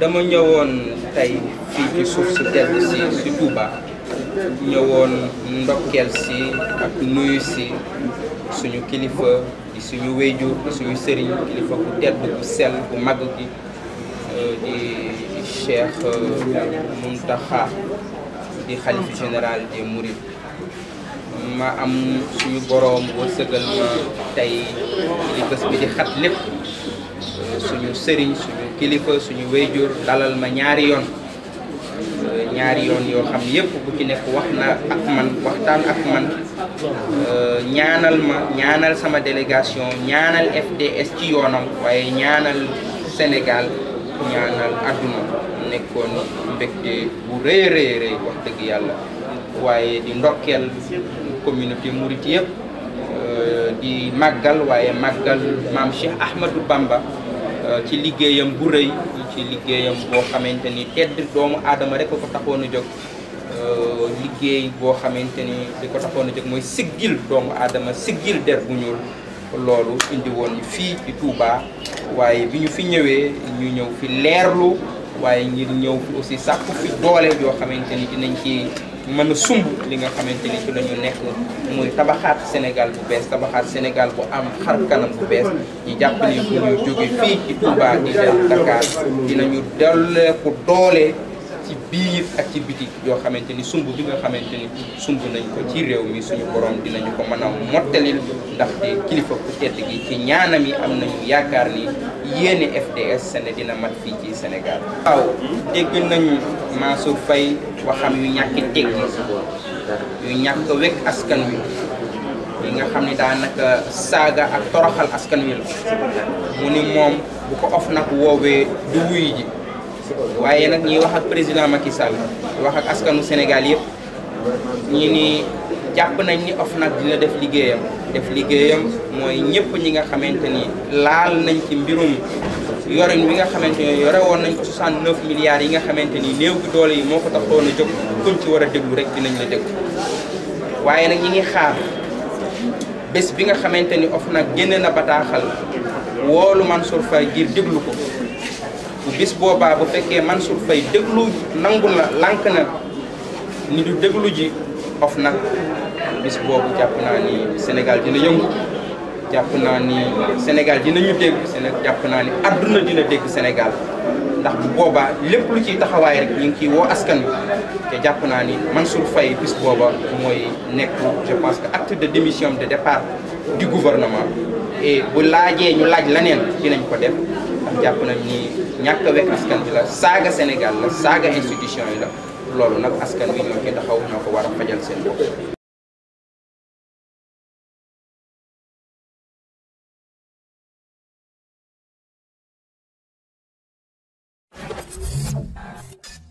dama ñëwoon tey fii ci suuf si tedd si si Touba ñëwoon ndokkeel si ak nuyu si suñu kilifa suñu wéyjur di suñu sëriñ kilifa ku tedd ku sell ku màgg gi euh, di Cheikh euh, Mountakha di xalifa général des Mourides ma am suñu boroom wërsëgal ma tey li bi di xat lépp euh, suñu sëriñ suñu kilifa suñu wéyjur dalal ma ñaari yoon Euh, ñaari yoon yoo xam yëpp bu ci nekk wax na ak man waxtaan ak man euh, ñaanal ma ñaanal sama délégation ñaanal FDS ci yoonam waaye ñaanal Sénégal ñaanal adduna nekkoon mbégte bu rëy rëy rëy wax dëgg yàlla waaye di ndokkeel communauté mouride yëpp euh, di màggal waaye màggal maam Cheikh Ahmadou Bamba Euh, ci liggéeyam bu rëy ci liggéeyam boo xamante ni tedd doomu aadama rek ko taxoon a jóg euh, liggéey boo xamante ni li ko taxoon a jóg mooy siggil doomu aadama siggil der bu ñuul loolu indi woon ñu fii ci tuubaa waaye bi ñu fi ñëwee ñu ñëw fi leerlu waaye ngir ñëw fi aussi sàkku fi doole yoo xamante ni dinañ ci man a sumb li nga xamante ni ci la ñu nekk muy tabaxaat Sénégal bu bees tabaxaat Sénégal bu am xar kanam bu bees ñu jàpp ni bu ñu jóge fii ci Touba di dem Dakar dinañu dellee ku doole ci biir ak ci biti yoo xamante ni sumb bi nga xamante ni sumb nañ ko ci réew mi suñu boroom borom dinañu ko mën a mottalil ndaxte kilifa ku tedd gi ci ñaanam yi am nañu yaakaar ni yéene FDS sene dina mat fii ci waaw dégg nañu Mansour Faye waxam yu ñàkki teggi yu ñàkk wekk askan wi yi nga xam ni daanaka saaga ak toroxal askan wi la mu ni moom bu ko of nag woowee du wuy ji. waaye nag ñuy wax ak président Macky Sall wax ak askanu Sénégal yëpp ñi ni jàpp nañ ni OFNAC dina def liggéeyam def liggéeyam mooy ñëpp ñi nga xamante ni laal nañ ci mbirum yorin wi nga xamante ni yore woon nañ ko 69 milliards yi nga xamante ni néew gi doole yi moo ko taxoon a jóg kuñ ci war a déglu rek dinañ la déglu waaye nag ñi ngi xaar bés bi nga xamante ni OFNAC génne na bataaxal woolu Mansour Faye ngir déglu ko bu bis boobaa bu fekkee Mansour fay déglu nangu la lank na ni du déglu ji of nag bis boobu jàpp naa ni Sénégal dina yëngu jàpp naa ni Sénégal dinañu dégg Séné jàpp naa ni àdduna dina dégg Sénégal ndax bu boobaa lépp lu ciy taxawaay rek ñu ngi ciy woo askan wi te jàpp naa ni man Mansour fay bis booba mooy nekk je pense que acte de démission de départ di gouvernement bu laajee ñu laaj leneen dinañ ko def ndax jàpp nañ ni ñàkk a askan bi la saaga Sénégal la saaga institution yi la loolu nag askan wi ñoo ko war a fajal seen bopp.